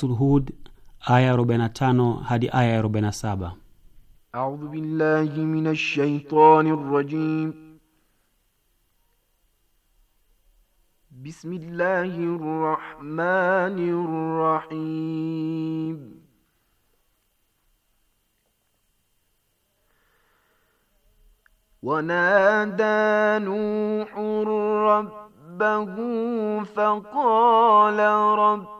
suratul hud aya ya 45 hadi aya ya 47 أعوذ بالله من الشيطان الرجيم بسم الله الرحمن الرحيم ونادى نوح ربه فقال رب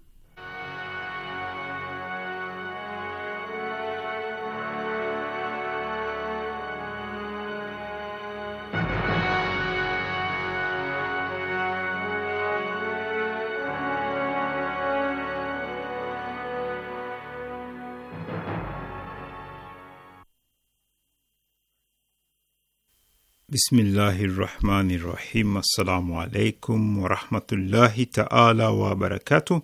Bismillahi rahmani rahim. Assalamu alaikum warahmatullahi taala wabarakatu.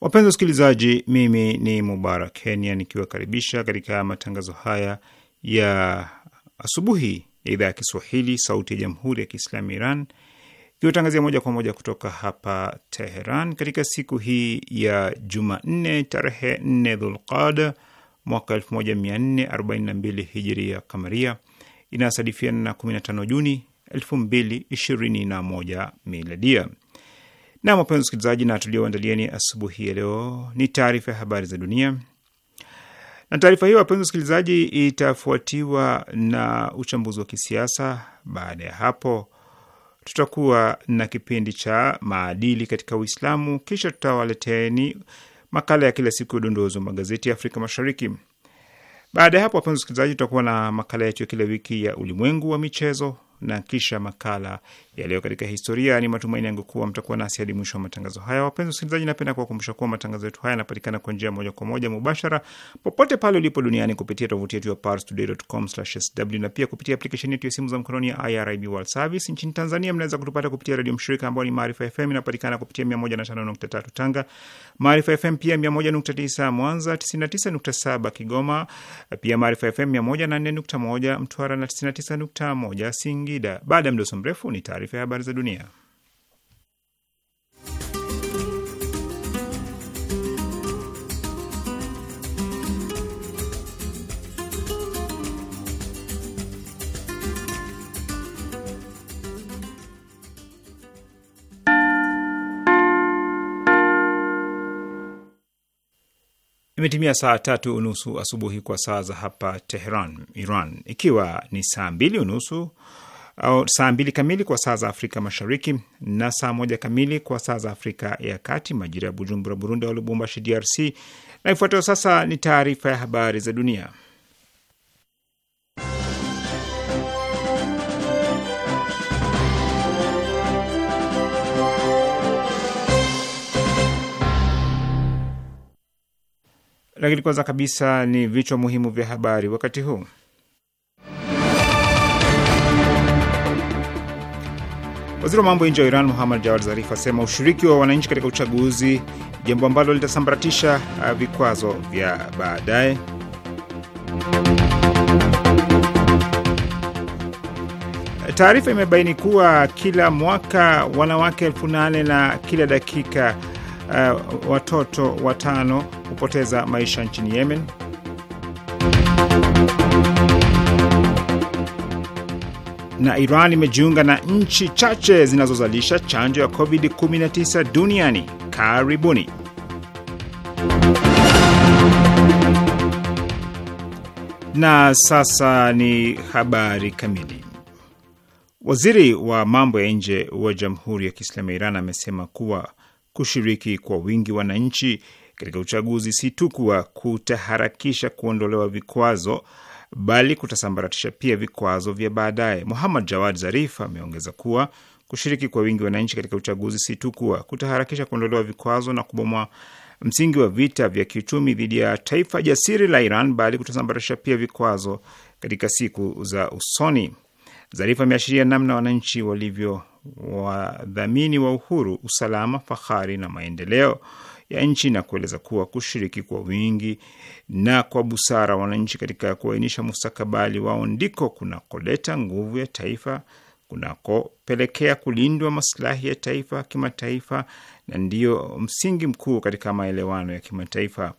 Wapenzi wasikilizaji, mimi ni Mubarak Kenya nikiwakaribisha katika matangazo haya ya asubuhi ya idhaa ya Kiswahili sauti ya jamhuri ya Kiislamu Iran ikiwatangazia moja kwa moja kutoka hapa Teheran katika siku hii ya Jumanne tarehe 4 Dhulqada mwaka 1442 hijiria kamaria inasadifiana na 15 Juni 2021 miladia. Na wapenzi wasikilizaji, na tulioandalieni asubuhi ya leo ni taarifa ya habari za dunia, na taarifa hiyo wapenzi wasikilizaji, itafuatiwa na uchambuzi wa kisiasa. Baada ya hapo, tutakuwa na kipindi cha maadili katika Uislamu, kisha tutawaleteni makala ya kila siku ya udondozi wa magazeti ya Afrika Mashariki. Baada ya hapo, wapenzi wasikilizaji, tutakuwa na makala yetu ya kila wiki ya ulimwengu wa michezo na kisha makala yaliyo katika historia. Ni matumaini yangu kuwa mtakuwa nasi hadi mwisho wa matangazo haya. Wapenzi wasikilizaji, napenda kuwakumbusha kuwa matangazo yetu haya yanapatikana kwa njia moja kwa moja mubashara popote pale ulipo duniani kupitia tovuti yetu ya parstoday.com/sw na pia kupitia aplikesheni yetu ya simu za mkononi ya IRIB World Service. Nchini Tanzania mnaweza kutupata kupitia redio mshirika ambao ni Maarifa FM, inapatikana kupitia 105.3 Tanga, Maarifa FM pia 101.9 Mwanza, 99.7 Kigoma, pia Maarifa FM 104.1 Mtwara na 99.1 Singi Singida. Baada ya mdoso mrefu ni taarifa ya habari za dunia. Imetimia saa tatu unusu asubuhi kwa saa za hapa Teheran, Iran, ikiwa ni saa mbili unusu au saa mbili kamili kwa saa za Afrika Mashariki na saa moja kamili kwa saa za Afrika ya Kati, majira ya Bujumbura, Burundi au Lubumbashi, DRC. Na ifuatayo sasa ni taarifa ya habari za dunia. Lakini kwanza kabisa ni vichwa muhimu vya habari wakati huu. Waziri wa mambo ya nje wa Iran Muhammad Jawad Zarif asema ushiriki wa wananchi katika uchaguzi, jambo ambalo litasambaratisha uh, vikwazo vya baadaye. Taarifa imebaini kuwa kila mwaka wanawake elfu nane na kila dakika uh, watoto watano hupoteza maisha nchini Yemen. na Iran imejiunga na nchi chache zinazozalisha chanjo ya COVID-19 duniani. Karibuni. Na sasa ni habari kamili. Waziri wa mambo ya nje wa Jamhuri ya Kiislamu ya Iran amesema kuwa kushiriki kwa wingi wananchi katika uchaguzi si tu kuwa kutaharakisha kuondolewa vikwazo bali kutasambaratisha pia vikwazo vya baadaye. Muhammad Jawad Zarif ameongeza kuwa kushiriki kwa wingi wananchi katika uchaguzi si tu kuwa kutaharakisha kuondolewa vikwazo na kubomoa msingi wa vita vya kiuchumi dhidi ya taifa jasiri la Iran, bali kutasambaratisha pia vikwazo katika siku za usoni. Zarif ameashiria namna wananchi walivyo wadhamini wa uhuru, usalama, fahari na maendeleo ya nchi na kueleza kuwa kushiriki kwa wingi na kwa busara wananchi katika kuainisha mustakabali wao ndiko kunakoleta nguvu ya taifa, kunakopelekea kulindwa maslahi ya taifa kimataifa, na ndiyo msingi mkuu katika maelewano ya kimataifa.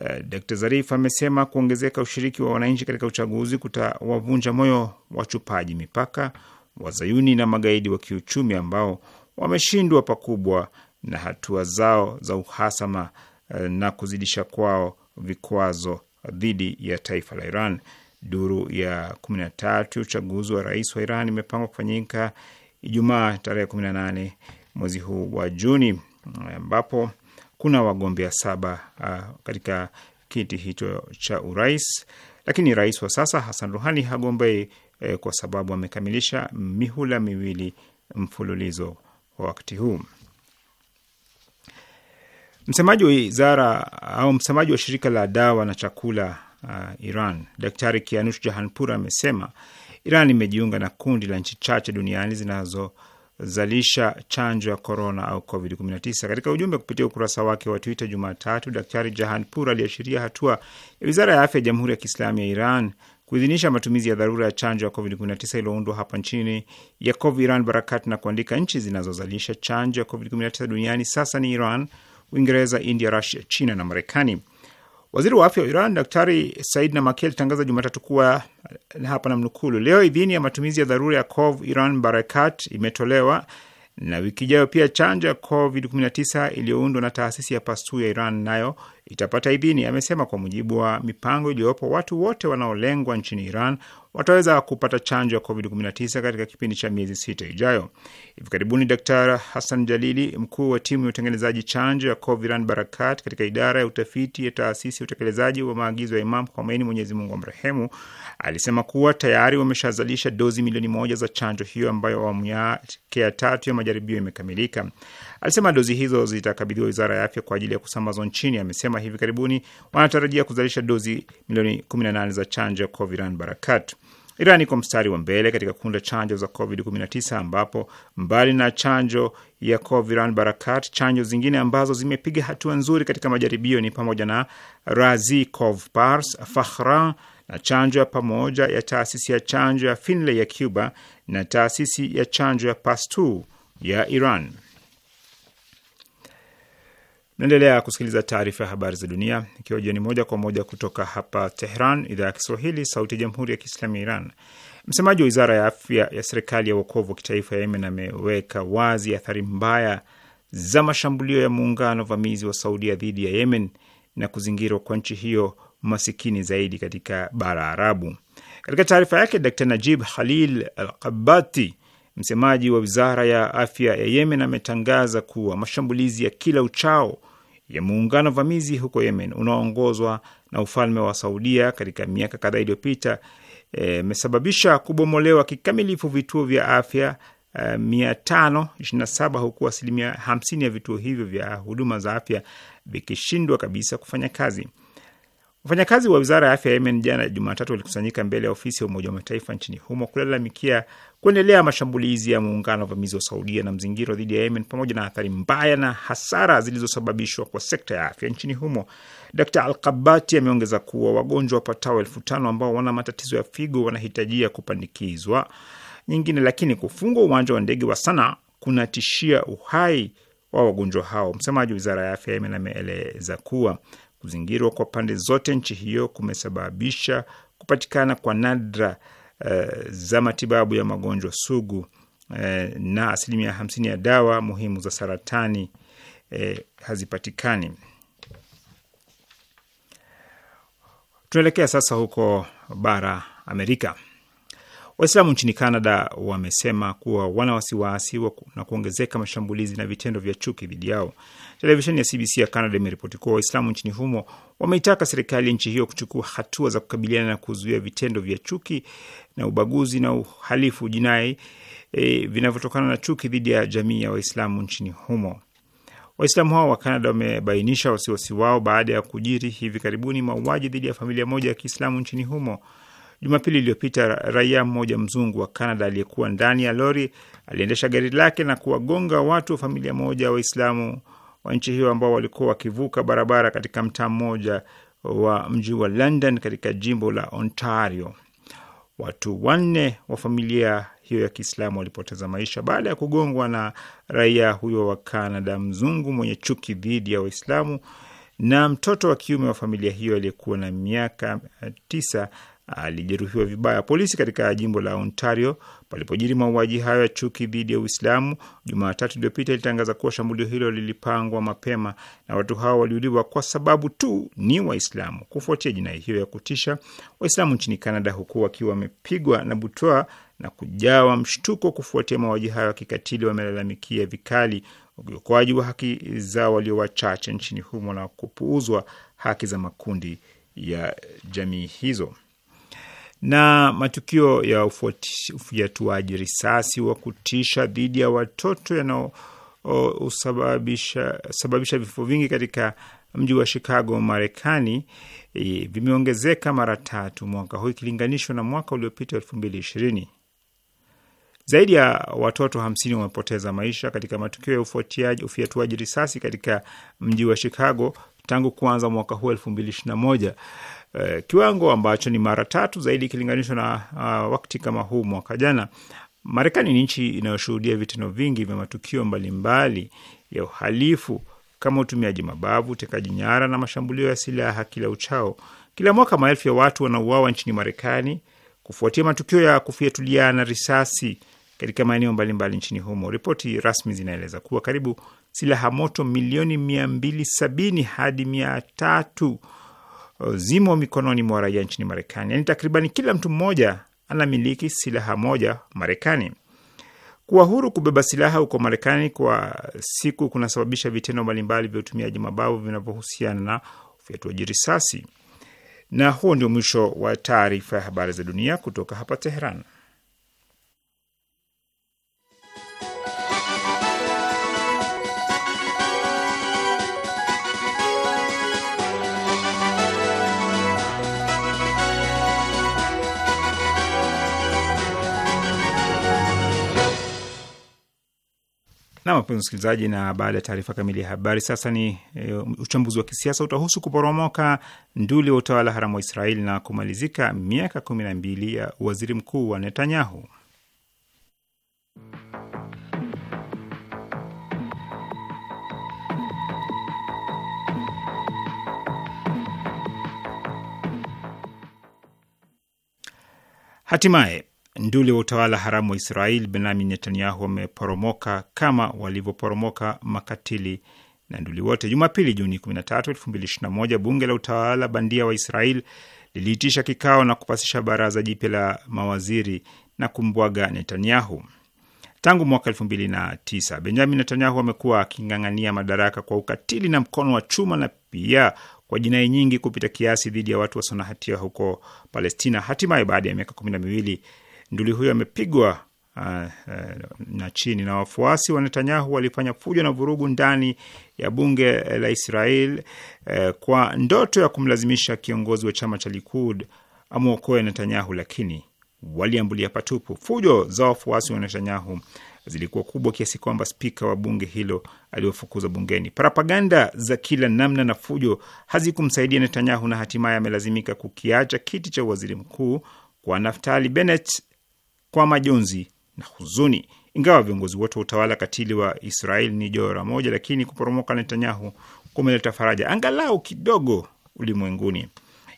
Uh, Dkt. Zarif amesema kuongezeka ushiriki wa wananchi katika uchaguzi kutawavunja moyo wachupaji mipaka, wazayuni na magaidi wa kiuchumi ambao wameshindwa pakubwa na hatua zao za uhasama uh, na kuzidisha kwao vikwazo dhidi ya taifa la Iran. Duru ya 13 uchaguzi wa rais wa Iran imepangwa kufanyika Ijumaa tarehe 18 mwezi huu wa Juni, ambapo kuna wagombea saba uh, katika kiti hicho cha urais, lakini rais wa sasa Hassan Ruhani hagombei eh, kwa sababu amekamilisha mihula miwili mfululizo wa wakati huu. Msemaji wa wizara au msemaji wa shirika la dawa na chakula uh, Iran, Daktari Kianush Jahanpur amesema Iran imejiunga na kundi la nchi chache duniani zinazozalisha chanjo ya korona au COVID-19. Katika ujumbe kupitia ukurasa wake wa Twitter Jumatatu, Daktari Jahanpur aliashiria hatua ya wizara ya afya ya Jamhuri ya Kiislamu ya Iran kuidhinisha matumizi ya dharura ya chanjo ya COVID-19 iliyoundwa hapa nchini Yakov Iran Barakat na kuandika, nchi zinazozalisha chanjo ya COVID-19 duniani sasa ni Iran, Uingereza, India, Rusia, China na Marekani. Waziri wa afya wa Iran Daktari Said Namaki alitangaza Jumatatu kuwa hapa na mnukulu, leo idhini ya matumizi ya dharura ya Cov Iran Barakat imetolewa na wiki ijayo pia chanjo ya COVID-19 iliyoundwa na taasisi ya Pasteur ya Iran nayo itapata idhini, amesema. Kwa mujibu wa mipango iliyopo, watu wote wanaolengwa nchini Iran wataweza kupata chanjo ya COVID-19 katika kipindi cha miezi sita ijayo. Hivi karibuni Daktari Hassan Jalili, mkuu wa timu ya utengenezaji chanjo ya Coviran Barakat katika idara ya utafiti ya taasisi ya utekelezaji wa maagizo ya Imam Khomeini, Mwenyezi Mungu amrehemu, alisema kuwa tayari wameshazalisha dozi milioni moja za chanjo hiyo ambayo awamu yake ya tatu ya majaribio imekamilika. Alisema dozi hizo zitakabidhiwa wizara ya afya kwa ajili ya kusambazwa nchini. Amesema hivi karibuni wanatarajia kuzalisha dozi milioni 18 za chanjo ya Coviran Barakat. Iran iko mstari wa mbele katika kuunda chanjo za COVID-19 ambapo mbali na chanjo ya Coviran Barakat, chanjo zingine ambazo zimepiga hatua nzuri katika majaribio ni pamoja na Razi Covpars, Fahran na chanjo ya pamoja ya taasisi ya chanjo ya Finlay ya Cuba na taasisi ya chanjo ya Pasteur ya Iran. Naendelea kusikiliza taarifa ya habari za dunia ikiwa jioni moja kwa moja kutoka hapa Tehran, idhaa ya Kiswahili, sauti ya jamhuri ya kiislamu ya Iran. Msemaji wa wizara ya afya ya serikali ya uokovu wa kitaifa ya Yemen ameweka wazi athari mbaya za mashambulio ya muungano vamizi wa Saudia dhidi ya Yemen na kuzingirwa kwa nchi hiyo masikini zaidi katika bara Arabu. Katika taarifa yake, Dr Najib Khalil Al msemaji wa wizara ya afya ya Yemen, ametangaza kuwa mashambulizi ya kila uchao ya muungano vamizi huko Yemen unaoongozwa na ufalme wa Saudia katika miaka kadhaa iliyopita imesababisha eh, e, kubomolewa kikamilifu vituo vya afya e, mia tano ishirini na saba huku asilimia hamsini ya vituo hivyo vya huduma za afya vikishindwa kabisa kufanya kazi. Wafanyakazi wa wizara ya afya ya Yemen jana Jumatatu walikusanyika mbele ya ofisi ya Umoja wa Mataifa nchini humo kulalamikia kuendelea mashambulizi ya muungano wa vamizi wa Saudia na mzingiro dhidi ya Yemen pamoja na athari mbaya na hasara zilizosababishwa kwa sekta ya afya nchini humo. Dr Alkabati ameongeza kuwa wagonjwa wapatao elfu tano ambao wana matatizo ya figo wanahitajia kupandikizwa nyingine, lakini kufungwa uwanja wa ndege wa Sana kunatishia uhai wa wagonjwa hao. Msemaji wa wizara ya afya ya Yemen ameeleza kuwa Kuzingirwa kwa pande zote nchi hiyo kumesababisha kupatikana kwa nadra uh, za matibabu ya magonjwa sugu uh, na asilimia hamsini ya dawa muhimu za saratani uh, hazipatikani. Tunaelekea sasa huko bara Amerika. Waislamu nchini Canada wamesema kuwa wana wasiwasi na kuongezeka mashambulizi na vitendo vya chuki dhidi yao. Televisheni ya CBC ya Canada imeripoti kuwa Waislamu nchini humo wameitaka serikali ya nchi hiyo kuchukua hatua za kukabiliana na kuzuia vitendo vya chuki na ubaguzi na uhalifu jinai e, vinavyotokana na chuki dhidi ya jamii ya Waislamu nchini humo. Waislamu hao wa Canada wamebainisha wasiwasi wao baada ya kujiri hivi karibuni mauaji dhidi ya familia moja ya Kiislamu nchini humo. Jumapili iliyopita, raia mmoja mzungu wa Kanada aliyekuwa ndani ya lori aliendesha gari lake na kuwagonga watu wa familia moja Waislamu wa nchi hiyo ambao walikuwa wakivuka barabara katika mtaa mmoja wa mji wa London katika jimbo la Ontario. Watu wanne wa familia hiyo ya Kiislamu walipoteza maisha baada ya kugongwa na raia huyo wa Kanada mzungu mwenye chuki dhidi ya Waislamu na mtoto wa kiume wa familia hiyo aliyekuwa na miaka tisa alijeruhiwa vibaya. Polisi katika jimbo la Ontario palipojiri mauaji hayo ya chuki dhidi ya Uislamu Jumatatu iliyopita ilitangaza kuwa shambulio hilo lilipangwa mapema na watu hao waliuliwa kwa sababu tu ni Waislamu. Kufuatia jinai hiyo ya kutisha, Waislamu nchini Canada, huku wakiwa wamepigwa na butwa na kujawa mshtuko kufuatia mauaji hayo ya kikatili, wamelalamikia vikali ukiokoaji wa haki za walio wachache nchini humo na kupuuzwa haki za makundi ya jamii hizo na matukio ya ufyatuaji risasi wa kutisha dhidi ya watoto yanayosababisha vifo vingi katika mji wa Chicago, Marekani e, vimeongezeka mara tatu mwaka huu ikilinganishwa na mwaka uliopita elfu mbili ishirini. Zaidi ya watoto hamsini wamepoteza maisha katika matukio ya ufyatuaji risasi katika mji wa Chicago tangu kuanza mwaka huu elfu mbili ishirini na moja. Eh, kiwango ambacho ni mara tatu zaidi ikilinganishwa na uh, wakati kama huu mwaka jana. Marekani ni nchi inayoshuhudia vitendo vingi vya matukio mbalimbali mbali ya uhalifu kama utumiaji mabavu, utekaji nyara na mashambulio ya silaha kila uchao. Kila mwaka maelfu ya watu wanauawa nchini Marekani kufuatia matukio ya kufyatuliana risasi katika maeneo mbalimbali nchini humo. Ripoti rasmi zinaeleza kuwa karibu silaha moto milioni mia mbili sabini hadi mia tatu zimo mikononi mwa raia nchini Marekani. Yaani takribani kila mtu mmoja anamiliki silaha moja Marekani. Kuwa huru kubeba silaha huko Marekani kwa siku kunasababisha vitendo mbalimbali vya utumiaji mabavu vinavyohusiana na ufyatuaji risasi. Na huo ndio mwisho wa taarifa ya habari za dunia kutoka hapa Teheran. Nam wapenzi msikilizaji, na baada ya taarifa kamili ya habari, sasa ni e, uchambuzi wa kisiasa utahusu kuporomoka nduli wa utawala haramu wa Israeli na kumalizika miaka kumi na mbili ya waziri mkuu wa Netanyahu. Hatimaye nduli wa utawala haramu wa Israel Benyamin Netanyahu wameporomoka kama walivyoporomoka makatili na nduli wote. Jumapili, Juni 13, 2021, bunge la utawala bandia wa Israel liliitisha kikao na kupasisha baraza jipya la mawaziri na kumbwaga Netanyahu. Tangu mwaka 2009 Benjamin Netanyahu amekuwa aking'ang'ania madaraka kwa ukatili na mkono wa chuma na pia kwa jinai nyingi kupita kiasi dhidi ya watu wasio na hatia huko Palestina. Hatimaye, baada ya miaka kumi na miwili Nduli huyo amepigwa uh, uh, na chini. Na wafuasi wa Netanyahu walifanya fujo na vurugu ndani ya bunge la Israel uh, kwa ndoto ya kumlazimisha kiongozi wa chama cha Likud amwokoe Netanyahu, lakini waliambulia patupu. Fujo za wafuasi wa Netanyahu zilikuwa kubwa kiasi kwamba spika wa bunge hilo aliofukuza bungeni. propaganda za kila namna na fujo hazikumsaidia Netanyahu na hatimaye amelazimika kukiacha kiti cha waziri mkuu kwa Naftali Bennett kwa majonzi na huzuni. Ingawa viongozi wote wa utawala katili wa Israel ni jora moja, lakini kuporomoka Netanyahu kumeleta faraja angalau kidogo ulimwenguni.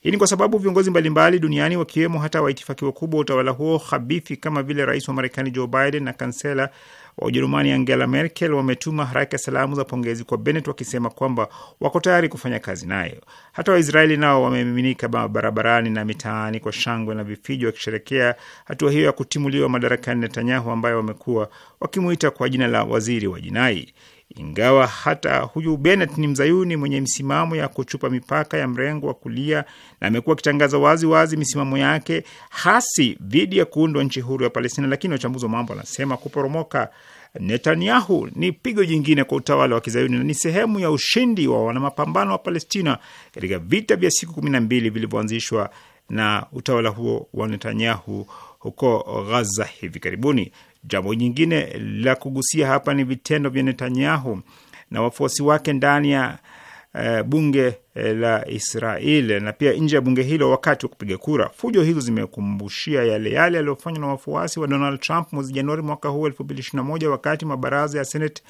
Hii ni kwa sababu viongozi mbalimbali duniani wakiwemo hata waitifaki wakubwa wa utawala huo habithi kama vile rais wa Marekani Joe Biden na kansela wa Ujerumani Angela Merkel wametuma haraka salamu za pongezi kwa benet wakisema kwamba wako tayari kufanya kazi naye. Hata Waisraeli nao wamemiminika barabarani na mitaani kwa shangwe na vifijo wakisherekea hatua hiyo ya kutimuliwa madarakani Netanyahu, ambayo wamekuwa wakimuita kwa jina la waziri wa jinai. Ingawa hata huyu Bennett ni mzayuni mwenye misimamo ya kuchupa mipaka ya mrengo wa kulia na amekuwa akitangaza wazi wazi misimamo yake hasi dhidi ya kuundwa nchi huru ya Palestina, lakini wachambuzi wa mambo wanasema kuporomoka Netanyahu ni pigo jingine kwa utawala wa kizayuni na ni sehemu ya ushindi wa wanamapambano wa Palestina katika vita vya siku kumi na mbili vilivyoanzishwa na utawala huo wa Netanyahu huko Ghaza hivi karibuni. Jambo nyingine la kugusia hapa ni vitendo vya Netanyahu na wafuasi wake ndani ya e, bunge eh, la Israel na pia nje ya bunge hilo wakati wa kupiga kura. Fujo hizo zimekumbushia yale yale yaliyofanywa na wafuasi wa Donald Trump mwezi Januari mwaka huu 2021 wakati mabaraza ya Senate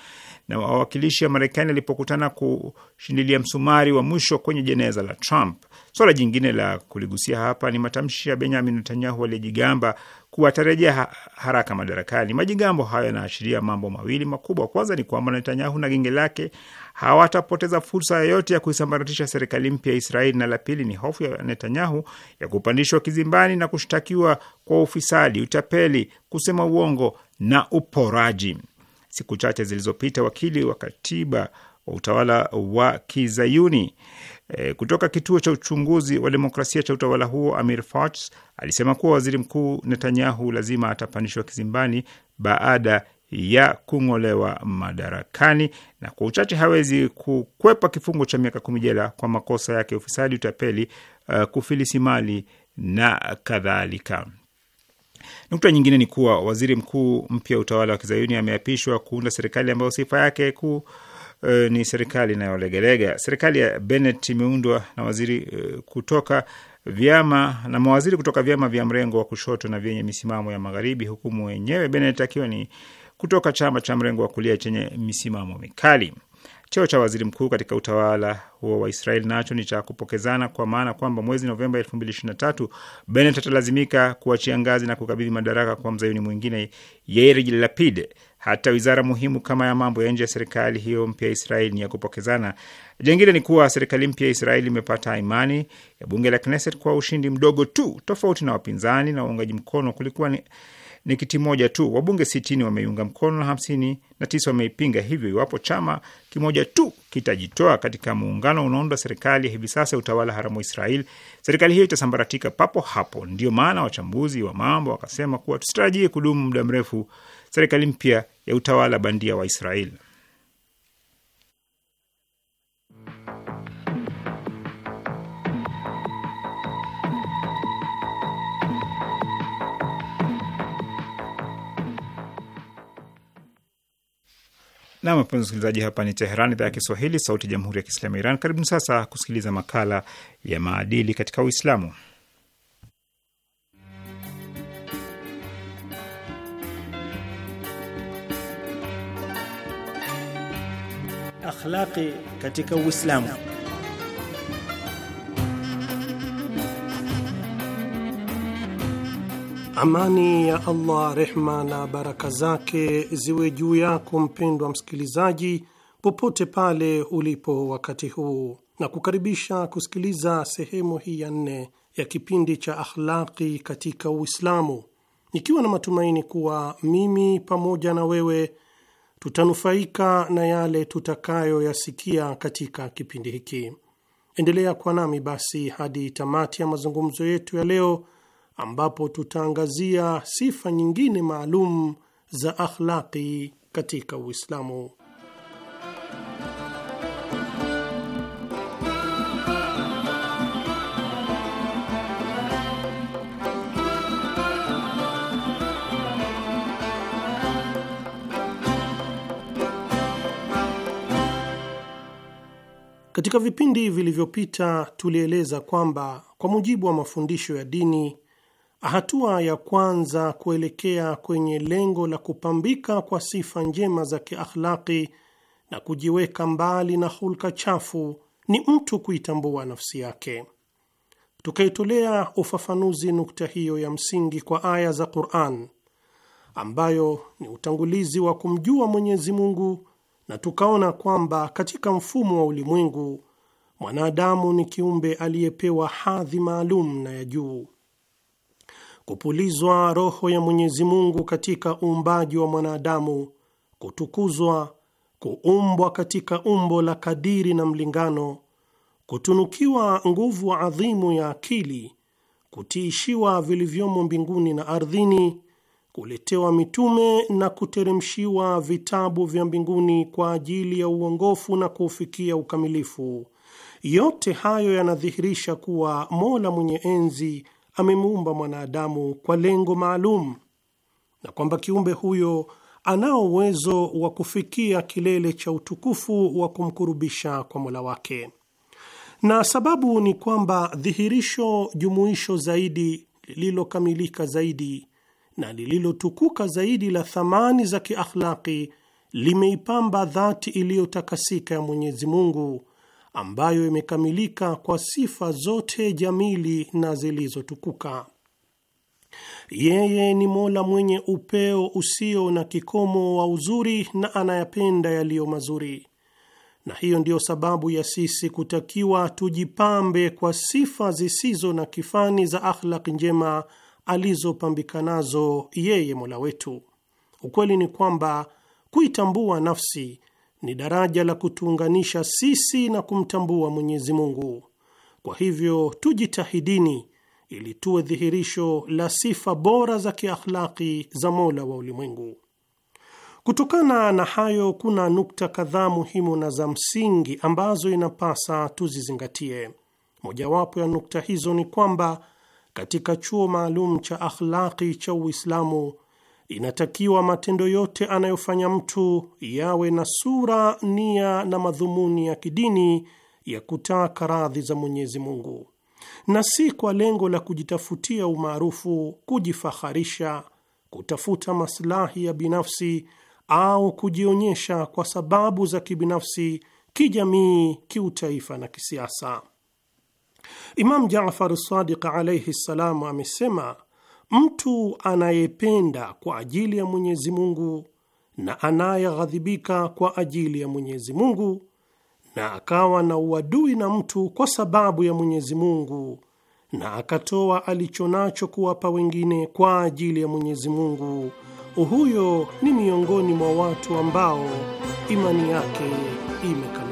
na wawakilishi ya Marekani alipokutana kushindilia msumari wa mwisho kwenye jeneza la Trump. Swala jingine la kuligusia hapa ni matamshi ya Benjamin Netanyahu aliyejigamba kuwatarejea haraka madarakani. Majigambo hayo yanaashiria mambo mawili makubwa. Kwanza ni kwamba Netanyahu na genge lake hawatapoteza fursa yoyote ya kuisambaratisha serikali mpya ya Israeli, na la pili ni hofu ya Netanyahu ya kupandishwa kizimbani na kushtakiwa kwa ufisadi, utapeli, kusema uongo na uporaji. Siku chache zilizopita wakili wa katiba wa utawala wa kizayuni E, kutoka kituo cha uchunguzi wa demokrasia cha utawala huo Amir Fauch alisema kuwa waziri mkuu Netanyahu lazima atapandishwa kizimbani baada ya kung'olewa madarakani na kwa uchache hawezi kukwepa kifungo cha miaka kumi jela kwa makosa yake ya ufisadi, utapeli, uh, kufilisi mali na kadhalika. Nukta nyingine ni kuwa waziri mkuu mpya utawala wa kizayuni ameapishwa kuunda serikali ambayo sifa yake kuu e, ni serikali inayolegelega. Serikali ya Bennett imeundwa na waziri e, kutoka vyama na mawaziri kutoka vyama vya mrengo wa kushoto na vyenye misimamo ya magharibi, huku mwenyewe Bennett akiwa ni kutoka chama cha mrengo wa kulia chenye misimamo mikali. Cheo cha waziri mkuu katika utawala huo wa Israeli nacho ni cha kupokezana, kwa maana kwamba mwezi Novemba 2023 Bennett atalazimika kuachia ngazi na kukabidhi madaraka kwa mzayuni mwingine Yair Lapid. Hata wizara muhimu kama ya mambo ya nje ya serikali hiyo mpya Israel ni ya kupokezana. Jengine ni kuwa serikali mpya ya israeli imepata imani ya bunge la Knesset kwa ushindi mdogo tu. Tofauti na wapinzani na waungaji mkono, kulikuwa ni ni kiti moja tu. Wabunge sitini wameiunga mkono na hamsini na tisa wameipinga. Hivyo iwapo chama kimoja tu kitajitoa katika muungano unaunda serikali hivi sasa ya utawala haramu Israel, serikali hiyo itasambaratika papo hapo. Ndio maana wachambuzi wa mambo wakasema kuwa tusitarajie kudumu muda mrefu serikali mpya ya utawala bandia wa Israel. Nam mpenzi msikilizaji, hapa ni Teheran, idhaa ya Kiswahili, sauti ya jamhuri ya kiislamu ya Iran. Karibuni sasa kusikiliza makala ya maadili katika Uislamu. Akhlaqi katika Uislamu. Amani ya Allah, rehma na baraka zake ziwe juu yako mpendwa msikilizaji, popote pale ulipo wakati huu, na kukaribisha kusikiliza sehemu hii ya nne ya kipindi cha Akhlaqi katika Uislamu, nikiwa na matumaini kuwa mimi pamoja na wewe tutanufaika na yale tutakayoyasikia katika kipindi hiki. Endelea kuwa nami basi hadi tamati ya mazungumzo yetu ya leo ambapo tutaangazia sifa nyingine maalum za akhlaqi katika Uislamu. Katika vipindi vilivyopita tulieleza kwamba kwa mujibu wa mafundisho ya dini Hatua ya kwanza kuelekea kwenye lengo la kupambika kwa sifa njema za kiakhlaki na kujiweka mbali na hulka chafu ni mtu kuitambua nafsi yake. Tukaitolea ufafanuzi nukta hiyo ya msingi kwa aya za Qur'an ambayo ni utangulizi wa kumjua Mwenyezi Mungu, na tukaona kwamba katika mfumo wa ulimwengu mwanadamu ni kiumbe aliyepewa hadhi maalum na ya juu kupulizwa Roho ya Mwenyezi Mungu katika uumbaji wa mwanadamu, kutukuzwa, kuumbwa katika umbo la kadiri na mlingano, kutunukiwa nguvu adhimu ya akili, kutiishiwa vilivyomo mbinguni na ardhini, kuletewa mitume na kuteremshiwa vitabu vya mbinguni kwa ajili ya uongofu na kuufikia ukamilifu. Yote hayo yanadhihirisha kuwa Mola mwenye enzi amemuumba mwanadamu kwa lengo maalum na kwamba kiumbe huyo anao uwezo wa kufikia kilele cha utukufu wa kumkurubisha kwa Mola wake, na sababu ni kwamba dhihirisho jumuisho zaidi lililokamilika zaidi na lililotukuka zaidi la thamani za kiakhlaki limeipamba dhati iliyotakasika ya Mwenyezi Mungu ambayo imekamilika kwa sifa zote jamili na zilizotukuka. Yeye ni Mola mwenye upeo usio na kikomo wa uzuri na anayapenda yaliyo mazuri, na hiyo ndiyo sababu ya sisi kutakiwa tujipambe kwa sifa zisizo na kifani za akhlaki njema alizopambikanazo yeye Mola wetu. Ukweli ni kwamba kuitambua nafsi ni daraja la kutuunganisha sisi na kumtambua Mwenyezi Mungu. Kwa hivyo tujitahidini ili tuwe dhihirisho la sifa bora za kiakhlaki za Mola wa ulimwengu. Kutokana na hayo, kuna nukta kadhaa muhimu na za msingi ambazo inapasa tuzizingatie. Mojawapo ya nukta hizo ni kwamba katika chuo maalum cha akhlaki cha Uislamu inatakiwa matendo yote anayofanya mtu yawe na sura, nia na madhumuni ya kidini ya kutaka radhi za Mwenyezi Mungu, na si kwa lengo la kujitafutia umaarufu, kujifaharisha, kutafuta maslahi ya binafsi au kujionyesha kwa sababu za kibinafsi, kijamii, kiutaifa na kisiasa. Imam Jafar Sadiq alaihi ssalam amesema mtu anayependa kwa ajili ya Mwenyezi Mungu na anayeghadhibika kwa ajili ya Mwenyezi Mungu na akawa na uadui na mtu kwa sababu ya Mwenyezi Mungu na akatoa alichonacho kuwapa wengine kwa ajili ya Mwenyezi Mungu, huyo ni miongoni mwa watu ambao imani yake imeka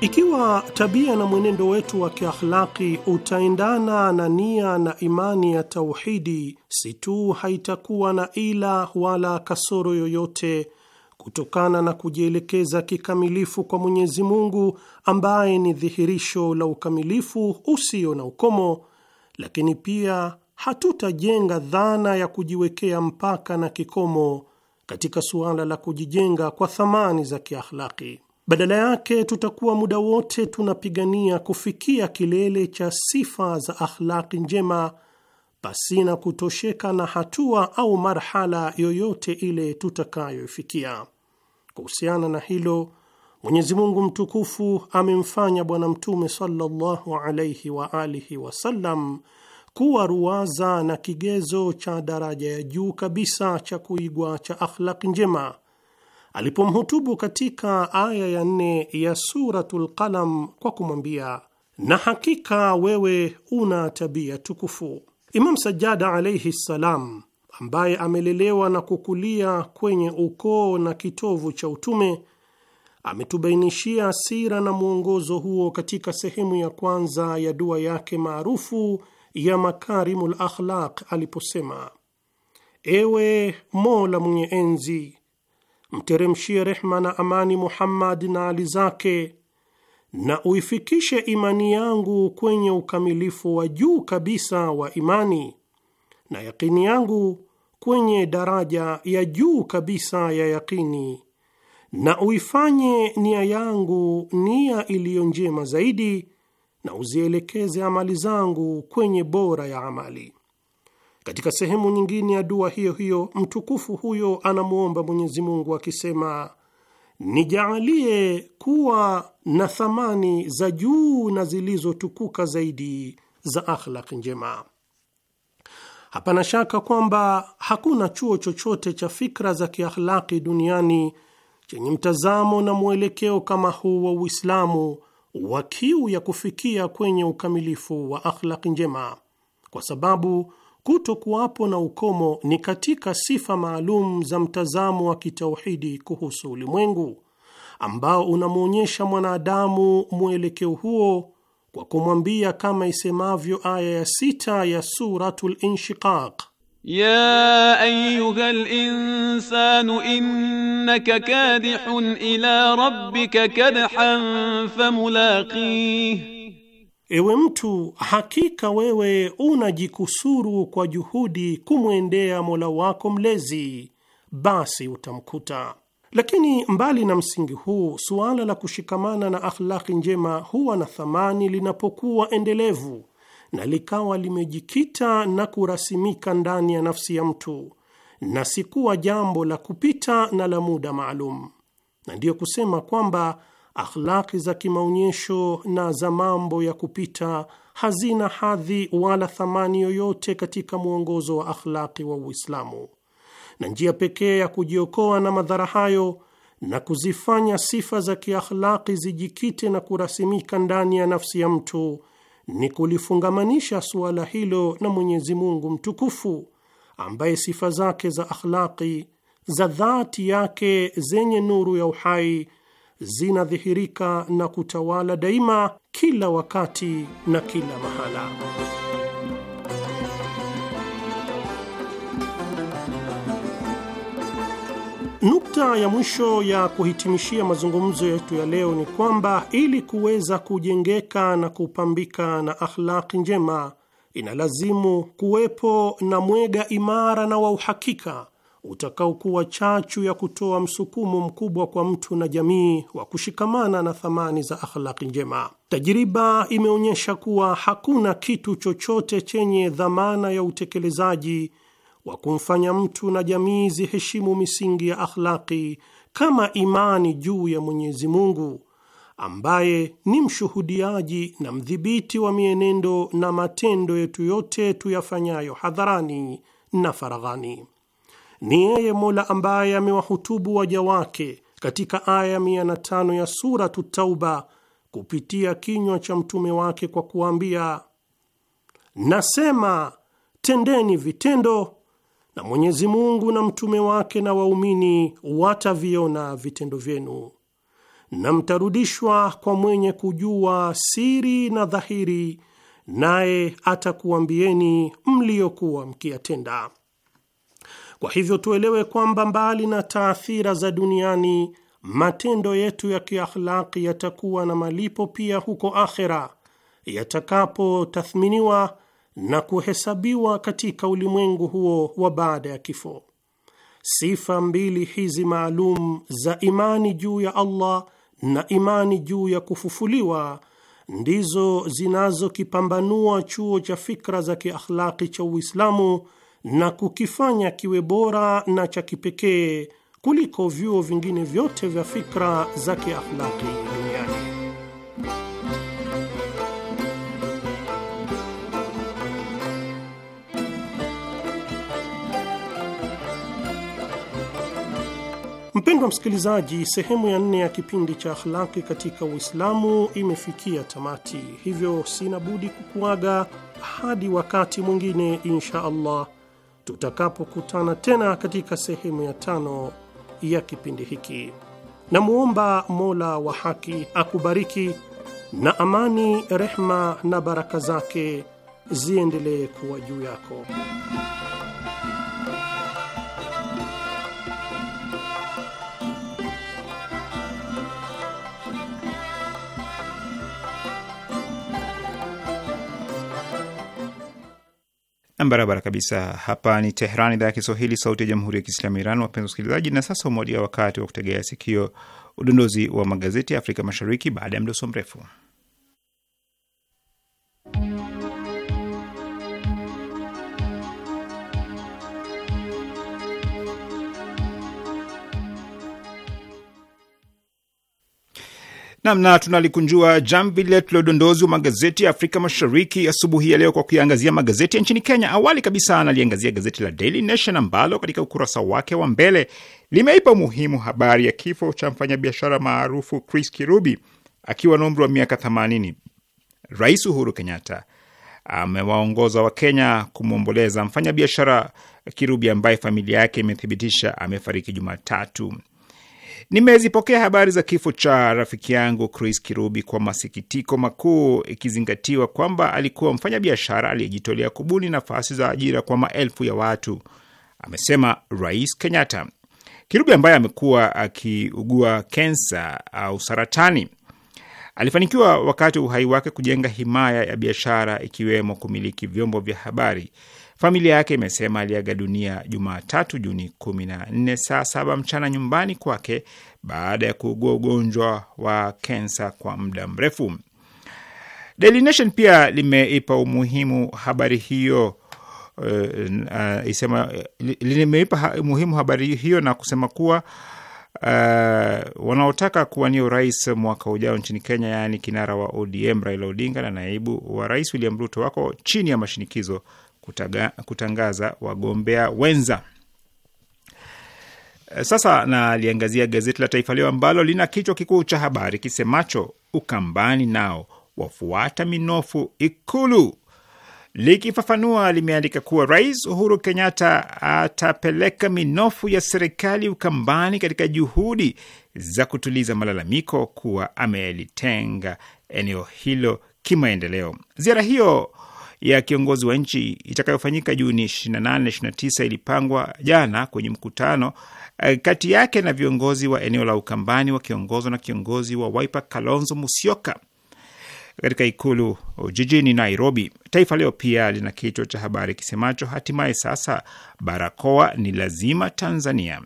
Ikiwa tabia na mwenendo wetu wa kiakhlaki utaendana na nia na imani ya tauhidi, si tu haitakuwa na ila wala kasoro yoyote kutokana na kujielekeza kikamilifu kwa Mwenyezi Mungu ambaye ni dhihirisho la ukamilifu usio na ukomo, lakini pia hatutajenga dhana ya kujiwekea mpaka na kikomo katika suala la kujijenga kwa thamani za kiakhlaki. Badala yake tutakuwa muda wote tunapigania kufikia kilele cha sifa za akhlaki njema pasina kutosheka na hatua au marhala yoyote ile tutakayoifikia. Kuhusiana na hilo, Mwenyezi Mungu mtukufu amemfanya Bwana Mtume sallallahu alaihi wa alihi wasallam kuwa ruwaza na kigezo cha daraja ya juu kabisa cha kuigwa cha akhlaki njema alipomhutubu katika aya ya nne ya Suratul Qalam kwa kumwambia, na hakika wewe una tabia tukufu. Imam sajada alaihi ssalam, ambaye amelelewa na kukulia kwenye ukoo na kitovu cha utume, ametubainishia sira na mwongozo huo katika sehemu ya kwanza ya dua yake maarufu ya Makarimul Akhlaq aliposema: ewe Mola mwenye enzi mteremshie rehma na amani Muhammad na ali zake, na uifikishe imani yangu kwenye ukamilifu wa juu kabisa wa imani na yakini yangu kwenye daraja ya juu kabisa ya yakini, na uifanye nia yangu nia iliyo njema zaidi, na uzielekeze amali zangu kwenye bora ya amali. Katika sehemu nyingine ya dua hiyo hiyo mtukufu huyo anamwomba Mwenyezi Mungu akisema, nijaalie kuwa na thamani za juu na zilizotukuka zaidi za akhlaq njema. Hapana shaka kwamba hakuna chuo chochote cha fikra za kiakhlaqi duniani chenye mtazamo na mwelekeo kama huu wa Uislamu wa kiu ya kufikia kwenye ukamilifu wa akhlaki njema, kwa sababu kuto kuwapo na ukomo ni katika sifa maalum za mtazamo wa kitauhidi kuhusu ulimwengu ambao unamwonyesha mwanadamu mwelekeo huo kwa kumwambia kama isemavyo aya ya sita ya Suratul Inshiqaq, ya ayuha linsanu innaka kadihun ila rabbika kadhan famulaqih Ewe mtu, hakika wewe unajikusuru kwa juhudi kumwendea Mola wako mlezi, basi utamkuta. Lakini mbali na msingi huu, suala la kushikamana na akhlaki njema huwa na thamani linapokuwa endelevu na likawa limejikita na kurasimika ndani ya nafsi ya mtu na sikuwa jambo la kupita na la muda maalum, na ndiyo kusema kwamba akhlaki za kimaonyesho na za mambo ya kupita hazina hadhi wala thamani yoyote katika mwongozo wa akhlaki wa Uislamu, na njia pekee ya kujiokoa na madhara hayo na kuzifanya sifa za kiakhlaki zijikite na kurasimika ndani ya nafsi ya mtu ni kulifungamanisha suala hilo na Mwenyezi Mungu mtukufu ambaye sifa zake za akhlaki za dhati yake zenye nuru ya uhai zinadhihirika na kutawala daima kila wakati na kila mahala. Nukta ya mwisho ya kuhitimishia mazungumzo yetu ya leo ni kwamba ili kuweza kujengeka na kupambika na akhlaki njema inalazimu kuwepo na mwega imara na wa uhakika utakaokuwa chachu ya kutoa msukumo mkubwa kwa mtu na jamii wa kushikamana na thamani za akhlaki njema. Tajiriba imeonyesha kuwa hakuna kitu chochote chenye dhamana ya utekelezaji wa kumfanya mtu na jamii ziheshimu misingi ya akhlaki kama imani juu ya Mwenyezi Mungu ambaye ni mshuhudiaji na mdhibiti wa mienendo na matendo yetu yote tuyafanyayo hadharani na faraghani. Ni yeye Mola ambaye amewahutubu waja wake katika aya 105 ya Suratu Tauba kupitia kinywa cha mtume wake kwa kuambia nasema tendeni vitendo na Mwenyezi Mungu na mtume wake na waumini wataviona vitendo vyenu, na mtarudishwa kwa mwenye kujua siri na dhahiri, naye atakuambieni mliokuwa mkiyatenda. Kwa hivyo tuelewe kwamba mbali na taathira za duniani, matendo yetu ya kiakhlaki yatakuwa na malipo pia huko akhera, yatakapotathminiwa na kuhesabiwa katika ulimwengu huo wa baada ya kifo. Sifa mbili hizi maalum za imani juu ya Allah na imani juu ya kufufuliwa ndizo zinazokipambanua chuo cha fikra za kiakhlaki cha Uislamu na kukifanya kiwe bora na cha kipekee kuliko vyuo vingine vyote vya fikra za kiakhlaki duniani. Mpendwa msikilizaji, sehemu ya nne ya kipindi cha akhlaki katika Uislamu imefikia tamati, hivyo sina budi kukuaga hadi wakati mwingine insha Allah tutakapokutana tena katika sehemu ya tano ya kipindi hiki. Namwomba Mola wa haki akubariki na amani, rehma na baraka zake ziendelee kuwa juu yako. barabara kabisa. Hapa ni Tehran, idhaa ya Kiswahili, sauti ya jamhuri ya kiislamu ya Iran. Wapenzi wasikilizaji, na sasa umewadia wakati wa kutegea sikio udondozi wa magazeti ya Afrika Mashariki baada ya mdoso mrefu. Namna tunalikunjua jamvi letu la udondozi wa magazeti ya Afrika Mashariki asubuhi ya leo kwa kuiangazia magazeti ya nchini Kenya. Awali kabisa, analiangazia gazeti la Daily Nation ambalo katika ukurasa wake wa mbele limeipa umuhimu habari ya kifo cha mfanyabiashara maarufu Chris Kirubi akiwa na umri wa miaka 80. Rais Uhuru Kenyatta amewaongoza Wakenya kumwomboleza mfanyabiashara Kirubi ambaye familia yake imethibitisha amefariki Jumatatu. Nimezipokea habari za kifo cha rafiki yangu Chris Kirubi kwa masikitiko makuu, ikizingatiwa kwamba alikuwa mfanyabiashara aliyejitolea kubuni nafasi za ajira kwa maelfu ya watu, amesema Rais Kenyatta. Kirubi ambaye amekuwa akiugua kensa au saratani alifanikiwa wakati uhai wake kujenga himaya ya biashara ikiwemo kumiliki vyombo vya habari. Familia yake imesema aliaga dunia Jumatatu, Juni 14 saa saba mchana nyumbani kwake baada ya kuugua ugonjwa wa kensa kwa muda mrefu. Daily Nation pia limeipa umuhimu habari hiyo uh, uh, isema limeipa umuhimu habari hiyo na kusema kuwa uh, wanaotaka kuwania urais mwaka ujao nchini Kenya, yaani kinara wa ODM Raila Odinga na naibu wa rais William Ruto wako chini ya mashinikizo kutaga, kutangaza wagombea wenza. Eh, sasa naliangazia gazeti la Taifa Leo ambalo lina kichwa kikuu cha habari kisemacho Ukambani nao wafuata minofu Ikulu. Likifafanua limeandika kuwa Rais Uhuru Kenyatta atapeleka minofu ya serikali Ukambani katika juhudi za kutuliza malalamiko kuwa amelitenga eneo hilo kimaendeleo. Ziara hiyo ya kiongozi wa nchi itakayofanyika Juni 28 na 29 ilipangwa jana kwenye mkutano eh, kati yake na viongozi wa eneo la Ukambani wakiongozwa na kiongozi wa Wiper Kalonzo Musyoka katika ikulu jijini Nairobi. Taifa Leo pia lina kichwa cha habari kisemacho hatimaye sasa barakoa ni lazima Tanzania.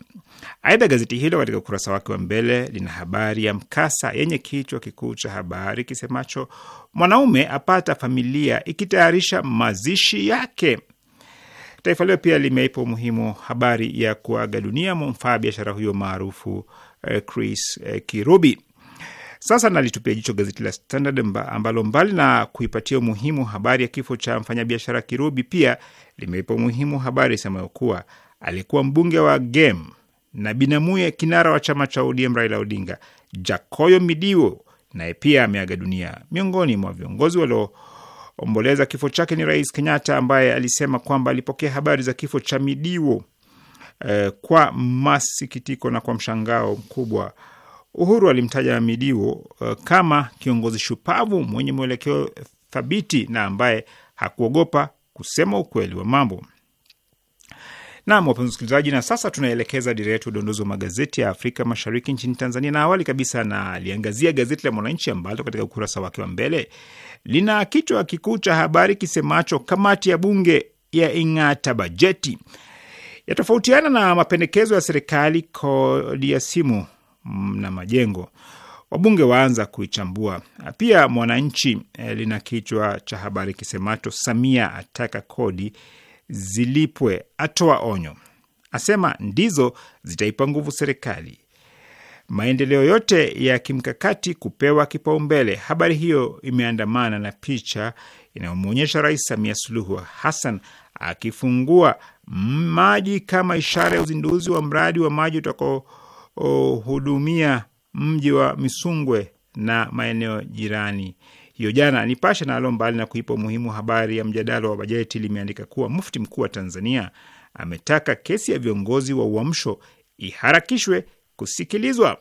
Aidha, gazeti hilo katika ukurasa wake wa mbele lina habari ya mkasa yenye kichwa kikuu cha habari kisemacho mwanaume apata familia ikitayarisha mazishi yake. Taifa Leo pia limeipa umuhimu habari ya kuaga dunia mfanya biashara huyo maarufu eh, Chris eh, Kirubi. Sasa nalitupia jicho gazeti la Standard ambalo mbali na kuipatia umuhimu habari ya kifo cha mfanyabiashara Kirubi, pia limeipa umuhimu habari isemayo kuwa alikuwa mbunge wa Gem na binamuye kinara wa chama cha ODM Raila Odinga, Jakoyo Midiwo naye pia ameaga dunia. Miongoni mwa viongozi walioomboleza kifo chake ni Rais Kenyatta ambaye alisema kwamba alipokea habari za kifo cha Midiwo eh, kwa masikitiko na kwa mshangao mkubwa. Uhuru alimtaja Midiwo eh, kama kiongozi shupavu mwenye mwelekeo thabiti na ambaye hakuogopa kusema ukweli wa mambo. Naam, wapenzi wasikilizaji, na sasa tunaelekeza dira yetu udondozi wa magazeti ya Afrika Mashariki nchini Tanzania, na awali kabisa na liangazia gazeti la Mwananchi ambalo katika ukurasa wake wa mbele lina kichwa kikuu cha habari kisemacho kamati ya bunge ya ing'ata bajeti yatofautiana na mapendekezo ya serikali kodi ya simu na majengo, wabunge waanza kuichambua. Pia Mwananchi eh, lina kichwa cha habari kisemacho Samia ataka kodi zilipwe, atoa onyo, asema ndizo zitaipa nguvu serikali. Maendeleo yote ya kimkakati kupewa kipaumbele. Habari hiyo imeandamana na picha inayomwonyesha Rais Samia Suluhu Hassan akifungua maji kama ishara ya uzinduzi wa mradi wa maji utakaohudumia mji wa Misungwe na maeneo jirani hiyo jana. Nipashe nalo, mbali na kuipa umuhimu habari ya mjadala wa bajeti, limeandika kuwa mufti mkuu wa Tanzania ametaka kesi ya viongozi wa Uamsho iharakishwe kusikilizwa.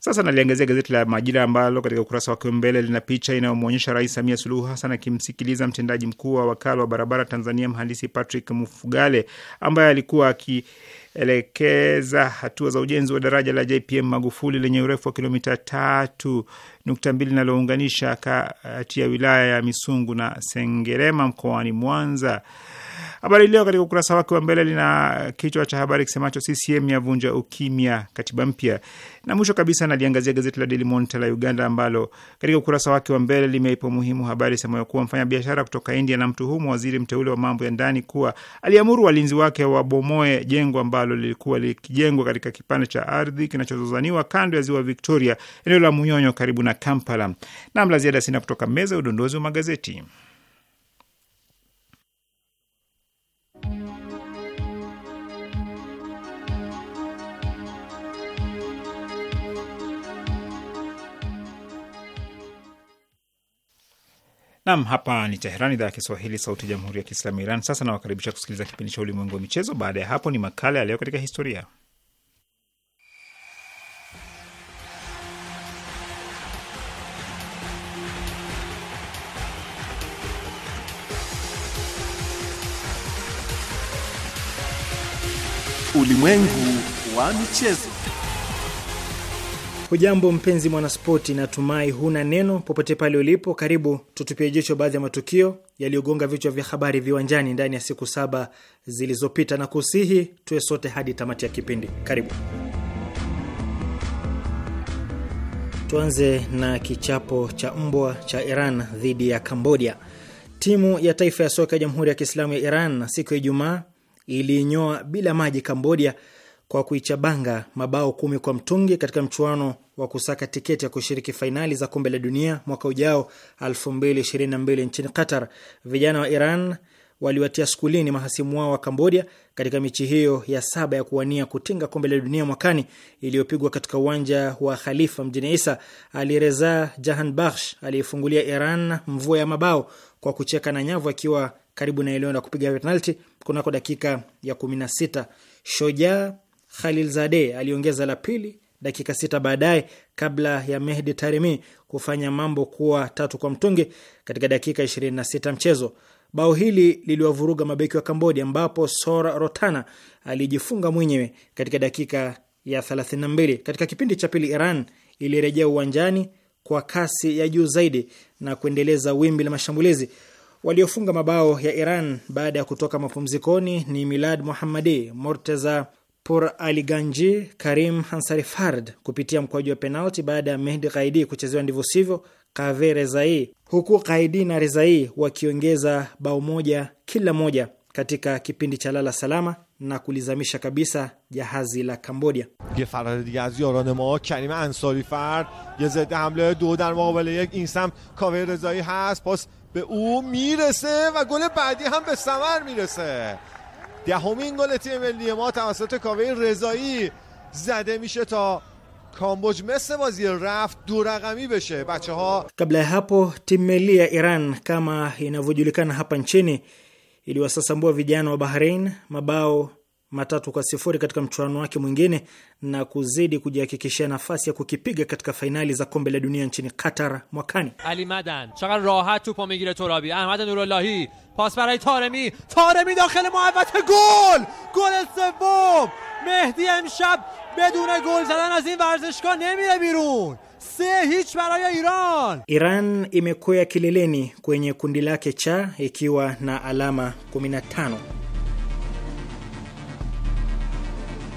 Sasa naliangazia gazeti la Majira ambalo katika ukurasa wake mbele lina picha inayomwonyesha Rais Samia Suluhu Hassan akimsikiliza mtendaji mkuu wa wakala wa barabara Tanzania, mhandisi Patrick Mfugale ambaye alikuwa aki elekeza hatua za ujenzi wa daraja la JPM Magufuli lenye urefu wa kilomita tatu nukta mbili linalounganisha kati ya wilaya ya Misungu na Sengerema mkoani Mwanza. Habari Leo katika ukurasa wake wa mbele lina kichwa cha habari kisemacho CCM yavunja ukimya katiba mpya, na mwisho kabisa naliangazia gazeti la Daily Monitor la Uganda ambalo katika ukurasa wake wa mbele limeipa umuhimu habari semayo kuwa mfanyabiashara kutoka India na mtuhumu waziri mteule wa mambo ya ndani kuwa aliamuru walinzi wake wabomoe jengo ambalo lilikuwa likijengwa katika kipande cha ardhi kinachozozaniwa kando ya ziwa Victoria, eneo la Munyonyo karibu na Kampala. Na mla ziada sina kutoka meza udondozi wa magazeti. Nam, hapa ni Teherani, idhaa ya Kiswahili, sauti ya jamhuri ya kiislamu ya Iran. Sasa nawakaribisha kusikiliza kipindi cha ulimwengu wa michezo. Baada ya hapo ni makala ya leo katika historia. Ulimwengu wa michezo. Hujambo mpenzi mwanaspoti, natumai huna neno popote pale ulipo. Karibu tutupie jicho baadhi ya matukio yaliyogonga vichwa vya habari viwanjani ndani ya siku saba zilizopita, na kusihi tuwe sote hadi tamati ya kipindi. Karibu. Tuanze na kichapo cha mbwa cha Iran dhidi ya Kambodia. Timu ya taifa ya soka ya Jamhuri ya Kiislamu ya Iran siku ya Ijumaa iliinyoa bila maji Kambodia kwa kuichabanga mabao kumi kwa mtungi katika mchuano wa kusaka tiketi ya kushiriki fainali za kombe la dunia mwaka ujao 2022 nchini Qatar. Vijana wa Iran waliwatia skulini mahasimu wao wa Kambodia katika michi hiyo ya saba ya kuwania kutinga kombe la dunia mwakani iliyopigwa katika uwanja wa Khalifa mjini Isa. Alireza Jahan Bakhsh aliyefungulia Iran mvua ya mabao kwa kucheka na nyavu akiwa karibu na eneo la kupiga penalti kunako dakika ya 16. Shojaa Khalilzadeh aliongeza la pili dakika sita baadaye kabla ya Mehdi Taremi kufanya mambo kuwa tatu kwa mtungi katika dakika 26 mchezo. Bao hili liliwavuruga mabeki wa Kambodia, ambapo Sora Rotana alijifunga mwenyewe katika dakika ya 32. Katika kipindi cha pili, Iran ilirejea uwanjani kwa kasi ya juu zaidi na kuendeleza wimbi la mashambulizi. Waliofunga mabao ya Iran baada ya kutoka mapumzikoni ni Milad Mohammadi, Morteza Por Aliganji Karim Hansari Fard kupitia mkwaju wa penalti baada ya Mehdi Qaidi kuchezewa ndivyo sivyo Kave Rezai, huku Qaidi na Rezai wakiongeza bao moja kila moja katika kipindi cha lala salama na kulizamisha kabisa jahazi la Cambodia. ye farare dige az yaran ma Karim Ansari Fard ye zede hamle do dar muqabale yek in sam Kave Rezai hast pas be u mirese va gol badi ham be samar mirese دهمین ده گل تیم ملی ما توسط کاوه رضایی زده میشه تا کامبوج مثل بازی رفت دو رقمی بشه بچه ها قبل هپو تیم ملی ایران کما اینوجولیکن هپا نچینی ایلی وسسمبوا ویدیان و بحرین مباو matatu kwa sifuri katika mchuano wake mwingine na kuzidi kujihakikishia nafasi ya kukipiga katika fainali za kombe la dunia nchini Qatar mwakani. Ali Madan چقدر rahat توپ میگیره ترابی احمد نوراللهی پاس برای تارمی Taremi داخل محوطه گل gol سوم مهدی امشب بدون گل زدن از این ورزشگاه نمیره بیرون Se hich baraya Iran. Iran imekwea kileleni kwenye kundi lake cha ikiwa na alama 15.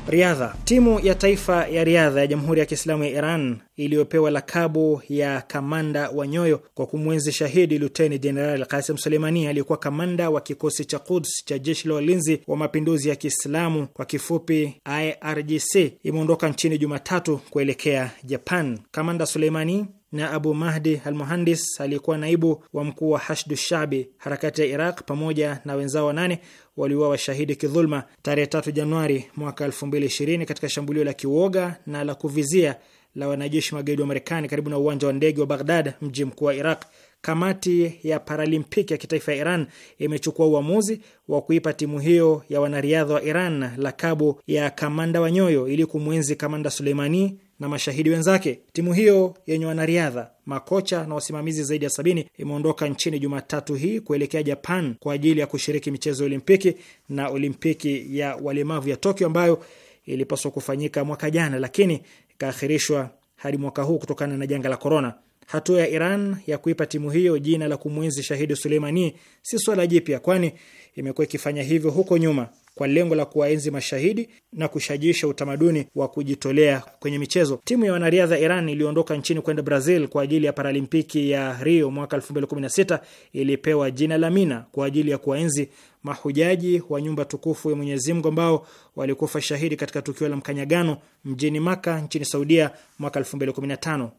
Riadha. Timu ya taifa ya riadha ya Jamhuri ya Kiislamu ya Iran iliyopewa lakabu ya kamanda wa nyoyo kwa kumwenzi shahidi Luteni Jenerali Kasim Suleimani aliyekuwa kamanda wa kikosi cha Quds cha jeshi la walinzi wa mapinduzi ya Kiislamu kwa kifupi IRGC imeondoka nchini Jumatatu kuelekea Japan. Kamanda Suleimani na Abu Mahdi al Muhandis aliyekuwa naibu wa mkuu wa Hashdu Shabi, harakati ya Iraq, pamoja na wenzao wanane waliuawa washahidi kidhulma tarehe 3 Januari mwaka 2020 katika shambulio la kiwoga na la kuvizia la wanajeshi magaidi wa Marekani karibu na uwanja wa ndege wa Baghdad, mji mkuu wa Iraq. Kamati ya Paralimpiki ya kitaifa ya Iran imechukua uamuzi wa kuipa timu hiyo ya wanariadha wa Iran lakabu ya kamanda wa nyoyo ili kumwenzi kamanda Suleimani na mashahidi wenzake. Timu hiyo yenye wanariadha, makocha na wasimamizi zaidi ya sabini imeondoka nchini Jumatatu hii kuelekea Japan kwa ajili ya kushiriki michezo ya Olimpiki na Olimpiki ya walemavu ya Tokyo ambayo ilipaswa kufanyika mwaka jana, lakini ikaahirishwa hadi mwaka huu kutokana na janga la korona. Hatua ya Iran ya kuipa timu hiyo jina la kumwenzi shahidi Suleimani si swala jipya, kwani imekuwa ikifanya hivyo huko nyuma kwa lengo la kuwaenzi mashahidi na kushajisha utamaduni wa kujitolea kwenye michezo. Timu ya wanariadha Iran iliondoka nchini kwenda Brazil kwa ajili ya Paralimpiki ya Rio mwaka 2016 ilipewa jina la Mina kwa ajili ya kuwaenzi mahujaji wa nyumba tukufu ya Mwenyezi Mungu ambao walikufa shahidi katika tukio la mkanyagano mjini Maka nchini Saudia mwaka 2015.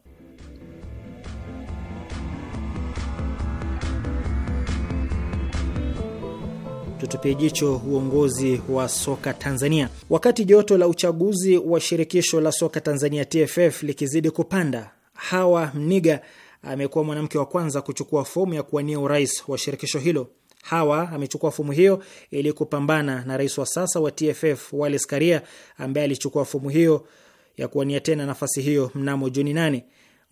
tutupie jicho uongozi wa soka Tanzania. Wakati joto la uchaguzi wa shirikisho la soka Tanzania TFF likizidi kupanda, Hawa Mniga amekuwa mwanamke wa kwanza kuchukua fomu ya kuwania urais wa shirikisho hilo. Hawa amechukua fomu hiyo ili kupambana na rais wa sasa wa TFF Wallace Karia ambaye alichukua fomu hiyo ya kuwania tena nafasi hiyo mnamo Juni nane.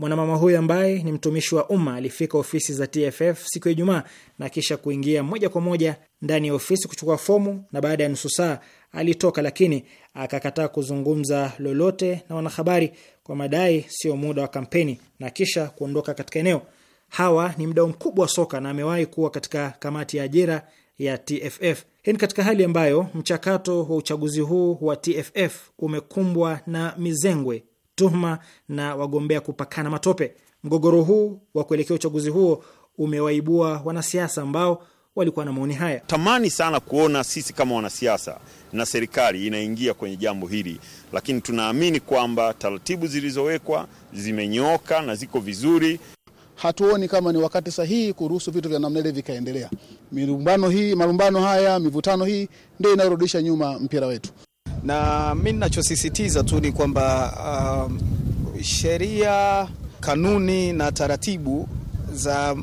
Mwanamama huyu ambaye ni mtumishi wa umma alifika ofisi za TFF siku ya Ijumaa na kisha kuingia moja kwa moja ndani ya ofisi kuchukua fomu, na baada ya nusu saa alitoka, lakini akakataa kuzungumza lolote na wanahabari kwa madai sio muda wa kampeni na kisha kuondoka katika eneo. Hawa ni mdau mkubwa wa soka na amewahi kuwa katika kamati ya ajira ya TFF. Hii ni katika hali ambayo mchakato wa uchaguzi huu wa TFF umekumbwa na mizengwe tuhma na wagombea kupakana matope. Mgogoro huu wa kuelekea uchaguzi huo umewaibua wanasiasa ambao walikuwa na maoni haya. Tamani sana kuona sisi kama wanasiasa na serikali inaingia kwenye jambo hili, lakini tunaamini kwamba taratibu zilizowekwa zimenyooka na ziko vizuri. Hatuoni kama ni wakati sahihi kuruhusu vitu vya namna ile vikaendelea. Mirumbano hii, marumbano haya, mivutano hii ndio inayorudisha nyuma mpira wetu na mi ninachosisitiza tu ni kwamba uh, sheria, kanuni na taratibu za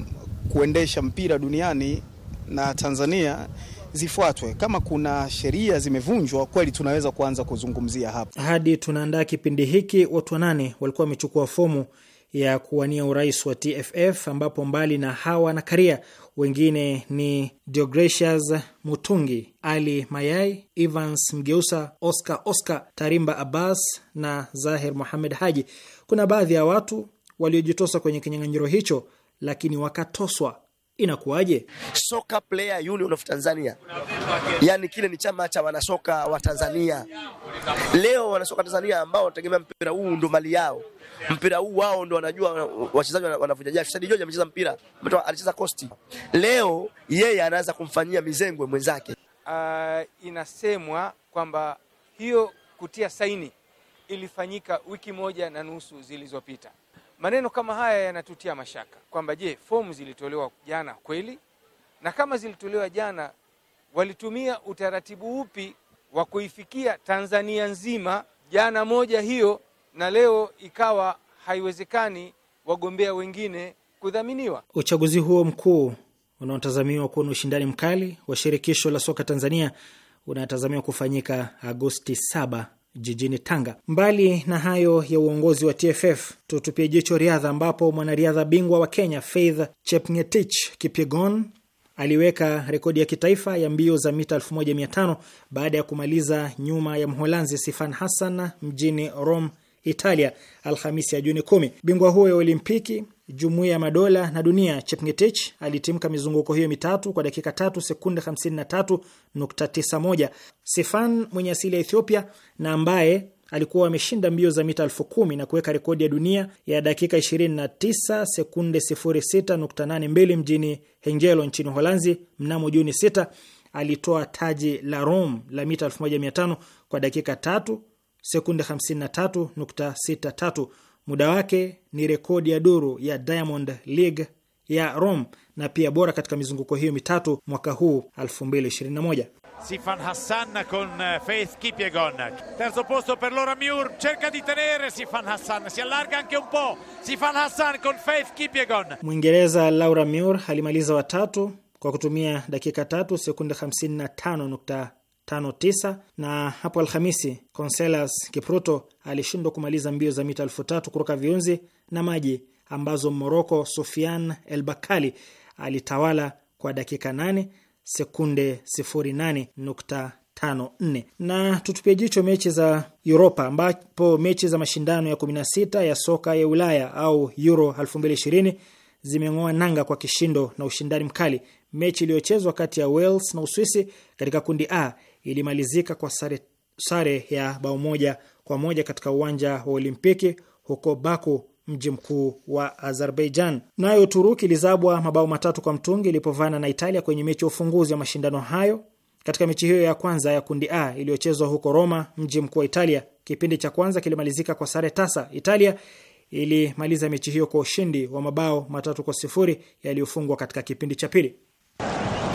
kuendesha mpira duniani na Tanzania zifuatwe. Kama kuna sheria zimevunjwa kweli, tunaweza kuanza kuzungumzia hapa. Hadi tunaandaa kipindi hiki, watu wanane walikuwa wamechukua fomu ya kuwania urais wa TFF ambapo mbali na hawa na Karia wengine ni Deogratias Mutungi, Ali Mayai, Evans Mgeusa, Oscar Oscar Tarimba Abbas na Zahir Muhamed Haji. Kuna baadhi ya watu waliojitosa kwenye kinyang'anyiro hicho, lakini wakatoswa inakuwaje? Soka Player Union of Tanzania, yani kile ni chama cha wanasoka wa Tanzania. Leo wanasoka Tanzania ambao wanategemea mpira huu ndo mali yao, mpira huu wao ndo wanajua wachezaji wanavuja Shadi George amecheza mpira, alicheza kosti. Leo yeye anaanza kumfanyia mizengwe mwenzake. Uh, inasemwa kwamba hiyo kutia saini ilifanyika wiki moja na nusu zilizopita. Maneno kama haya yanatutia mashaka kwamba je, fomu zilitolewa jana kweli? Na kama zilitolewa jana, walitumia utaratibu upi wa kuifikia Tanzania nzima jana moja hiyo, na leo ikawa haiwezekani wagombea wengine kudhaminiwa? Uchaguzi huo mkuu unaotazamiwa kuwa na ushindani mkali wa shirikisho la soka Tanzania unatazamiwa kufanyika Agosti saba jijini Tanga. Mbali na hayo ya uongozi wa TFF, tutupie jicho riadha, ambapo mwanariadha bingwa wa Kenya Faith Chepngetich Kipyegon aliweka rekodi ya kitaifa ya mbio za mita 1500 baada ya kumaliza nyuma ya Mholanzi Sifan Hassan mjini Rome, Italia, Alhamisi ya Juni 10. Bingwa huyo ya Olimpiki Jumuiya ya Madola na dunia, Chepngetich alitimka mizunguko hiyo mitatu kwa dakika tatu sekunde 53.91. Sefan mwenye asili ya Ethiopia na ambaye alikuwa ameshinda mbio za mita elfu kumi na kuweka rekodi ya dunia ya dakika 29 sekunde 06.82 mjini Hengelo nchini Uholanzi mnamo Juni 6 alitoa taji la Rome la mita 1500 kwa dakika 3 sekunde 53.63. Muda wake ni rekodi ya duru ya Diamond League ya Rome na pia bora katika mizunguko hiyo mitatu mwaka huu 2021. Sifan Hassan con eh, Faith terzo posto per Laura cerca di tenere Sifan Hassan si allarga anche un po' Sifan Hassan con Faith Mwingereza Laura mur alimaliza watatu kwa kutumia dakika tatu sekunde 55.5 59 na hapo Alhamisi Conselas Kipruto alishindwa kumaliza mbio za mita elfu tatu kuruka viunzi na maji ambazo Moroko Sofian El Bakali alitawala kwa dakika 8 sekunde 08.54. Na tutupia jicho mechi za Uropa ambapo mechi za mashindano ya 16 ya soka ya Ulaya au Euro 2020 zimeng'oa nanga kwa kishindo na ushindani mkali. Mechi iliyochezwa kati ya Wales na Uswisi katika kundi A ilimalizika kwa sare, sare ya bao moja kwa moja katika uwanja wa Olimpiki huko Baku, mji mkuu wa Azerbaijan. Nayo Uturuki ilizabwa mabao matatu kwa mtungi ilipovana na Italia kwenye mechi ya ufunguzi wa mashindano hayo katika mechi hiyo ya kwanza ya kundi A iliyochezwa huko Roma, mji mkuu wa Italia. Kipindi cha kwanza kilimalizika kwa sare tasa. Italia ilimaliza mechi hiyo kwa ushindi wa mabao matatu kwa sifuri yaliyofungwa katika kipindi cha pili.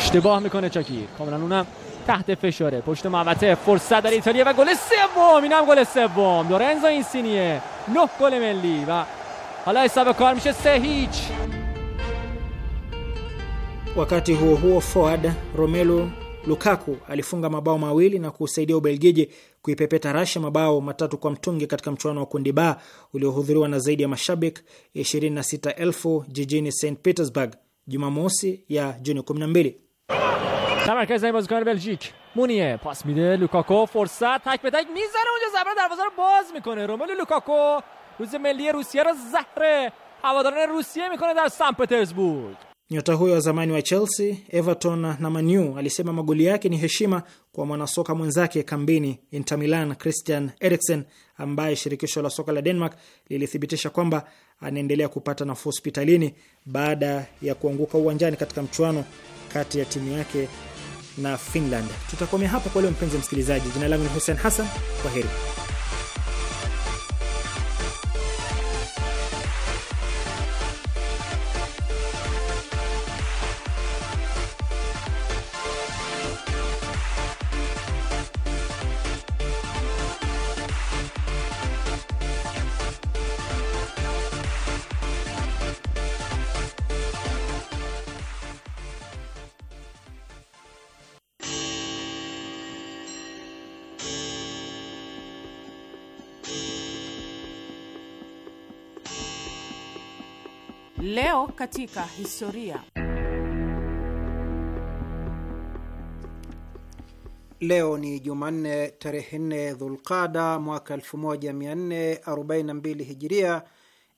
shtebah mikone chakir komilan unam تحت فشاره پشت محوطه فرصت در ایتالیا و گل سوم اینم گل سوم لورنزو اینسینیه نه گل ملی و حالا حساب کار میشه سه هیچ Wakati huo huo forward Romelu Lukaku alifunga mabao mawili na kusaidia Ubelgiji kuipepeta Rasha mabao matatu kwa mtungi katika mchuano wa kundi ba uliohudhuriwa na zaidi ya mashabiki 26,000 jijini St Petersburg Jumamosi ya Juni 12. در مرکز زمین بازیکن بلژیک مونیه پاس میده لوکاکو فرصت تک به تک میزنه اونجا زبر دروازه رو باز میکنه روملو لوکاکو روز ملی روسیه رو زهر هواداران روسیه میکنه در سن پترزبورگ Nyota huyo wa zamani wa Chelsea, Everton na Manu alisema magoli yake ni heshima kwa mwanasoka mwenzake kambini Inter Milan, Christian Eriksen, ambaye shirikisho la soka la Denmark lilithibitisha kwamba anaendelea kupata nafuu hospitalini baada ya kuanguka uwanjani katika mchuano kati ya timu yake na Finland. Tutakomea hapo kwa leo, mpenzi msikilizaji. Jina langu ni Hussein Hassan, kwa heri. Leo katika historia. Leo ni Jumanne tarehe nne Dhulqada mwaka 1442 Hijiria,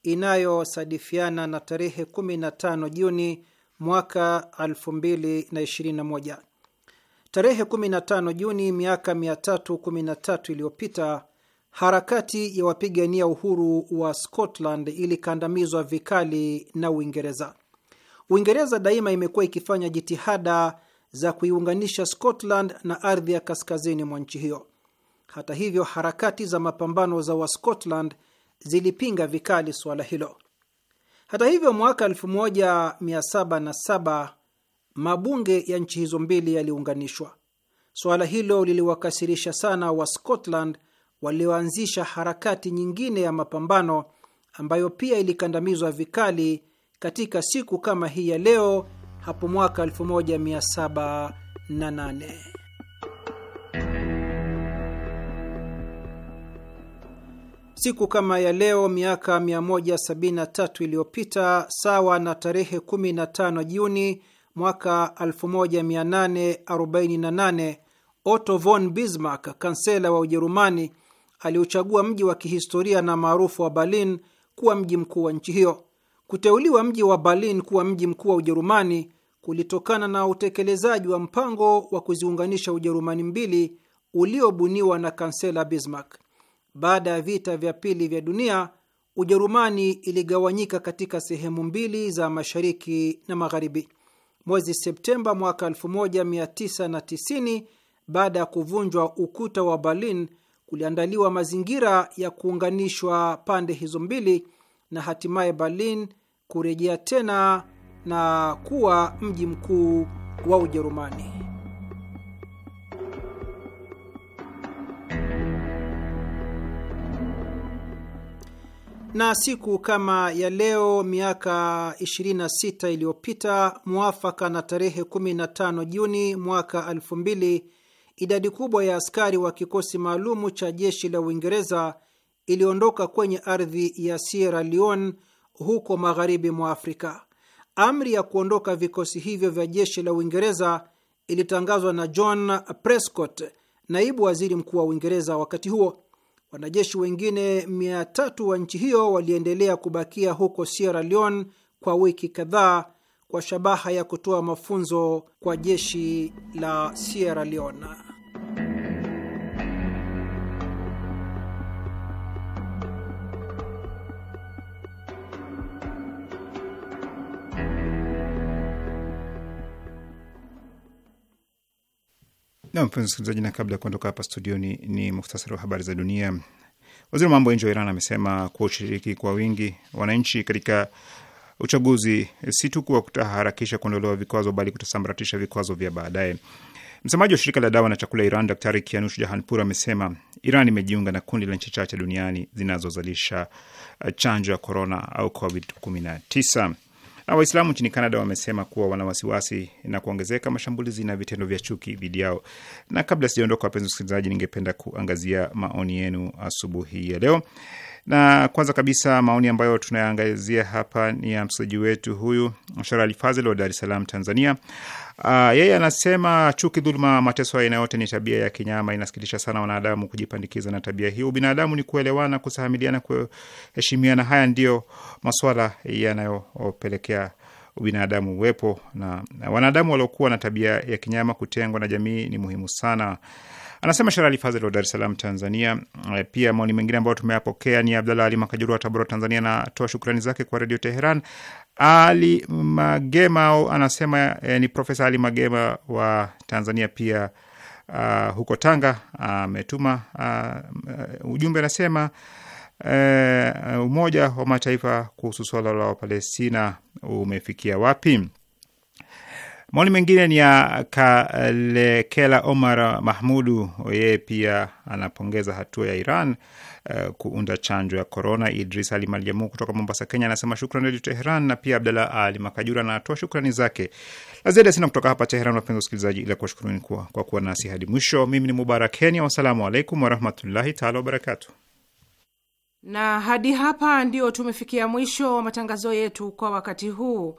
inayosadifiana na tarehe 15 Juni mwaka 2021. Tarehe 15 Juni miaka 313 iliyopita harakati ya wapigania uhuru wa Scotland ilikandamizwa vikali na Uingereza. Uingereza daima imekuwa ikifanya jitihada za kuiunganisha Scotland na ardhi ya kaskazini mwa nchi hiyo. Hata hivyo, harakati za mapambano za Wascotland zilipinga vikali suala hilo. Hata hivyo, mwaka 1707 mabunge ya nchi hizo mbili yaliunganishwa. Suala hilo liliwakasirisha sana Wascotland walioanzisha harakati nyingine ya mapambano ambayo pia ilikandamizwa vikali katika siku kama hii ya leo hapo mwaka 1708. Siku kama ya leo miaka 173 iliyopita, sawa na tarehe 15 Juni mwaka 1848, Otto von Bismarck, kansela wa Ujerumani aliuchagua mji wa kihistoria na maarufu wa Berlin kuwa mji mkuu wa nchi hiyo. Kuteuliwa mji wa Berlin kuwa mji mkuu wa Ujerumani kulitokana na utekelezaji wa mpango wa kuziunganisha Ujerumani mbili uliobuniwa na kansela Bismarck. Baada ya vita vya pili vya dunia, Ujerumani iligawanyika katika sehemu mbili za mashariki na magharibi. Mwezi Septemba mwaka 1990, baada ya kuvunjwa ukuta wa Berlin, kuliandaliwa mazingira ya kuunganishwa pande hizo mbili na hatimaye Berlin kurejea tena na kuwa mji mkuu wa Ujerumani. Na siku kama ya leo miaka 26 iliyopita, mwafaka na tarehe 15 Juni mwaka 2000 idadi kubwa ya askari wa kikosi maalumu cha jeshi la Uingereza iliondoka kwenye ardhi ya Sierra Leone huko magharibi mwa Afrika. Amri ya kuondoka vikosi hivyo vya jeshi la Uingereza ilitangazwa na John Prescott, naibu waziri mkuu wa Uingereza wakati huo. Wanajeshi wengine mia tatu wa nchi hiyo waliendelea kubakia huko Sierra Leone kwa wiki kadhaa kwa shabaha ya kutoa mafunzo kwa jeshi la Sierra Leone. Na mpenzi msikilizaji, na kabla ya kuondoka hapa studioni, ni, ni muhtasari wa habari za dunia. Waziri wa mambo ya nje wa Iran amesema kuwa ushiriki kwa wingi wananchi katika uchaguzi si tu kuwa kutaharakisha kuondolewa vikwazo, bali kutasambaratisha vikwazo vya baadaye. Msemaji wa shirika la dawa na chakula Iran, Daktari Kianush Jahanpur amesema Iran imejiunga na kundi la nchi chache duniani zinazozalisha chanjo ya korona au COVID 19. Na Waislamu nchini Kanada wamesema kuwa wana wasiwasi na kuongezeka mashambulizi na vitendo vya chuki dhidi yao. Na kabla sijaondoka, wapenzi wasikilizaji, ningependa kuangazia maoni yenu asubuhi ya leo, na kwanza kabisa maoni ambayo tunayaangazia hapa ni ya msikilizaji wetu huyu Shara Alfazel wa Dar es Salaam, Tanzania. Uh, yeye anasema chuki, dhuluma, mateso aina yote ni tabia ya kinyama. Inasikitisha sana wanadamu kujipandikiza na tabia hiyo. Ubinadamu ni kuelewana, kusahamiliana, kuheshimiana. Haya ndiyo maswala yanayopelekea ubinadamu uwepo, na wanadamu waliokuwa na tabia ya kinyama kutengwa na jamii ni muhimu sana. Anasema Sherali Fadhili wa Dar es Salaam, Tanzania. Eh, pia maoni mengine ambayo tumeyapokea ni Abdalla Ali Makajuru wa Tabora, Tanzania. Anatoa shukrani zake kwa Redio Teheran ali Magema au anasema eh, ni Profesa Ali Magema wa Tanzania pia Uh, huko Tanga ametuma uh, uh, ujumbe anasema, uh, Umoja wa Mataifa kuhusu suala la Wapalestina umefikia wapi? Maoni mengine ni ya Kalekela Omar Mahmudu, yeye pia anapongeza hatua ya Iran uh, kuunda chanjo ya korona. Idris Ali Maliamu kutoka Mombasa, Kenya anasema shukran Redio Teheran, na pia Abdallah Ali Makajura anatoa shukrani zake. La ziada sina kutoka hapa Teheran, wapenzi wasikilizaji, ila kuwashukuruni kwa, kwa kuwa nasi hadi mwisho. Mimi ni Mubarak Kenya, wassalamu alaikum warahmatullahi taala wabarakatu. Na hadi hapa ndio tumefikia mwisho wa matangazo yetu kwa wakati huu.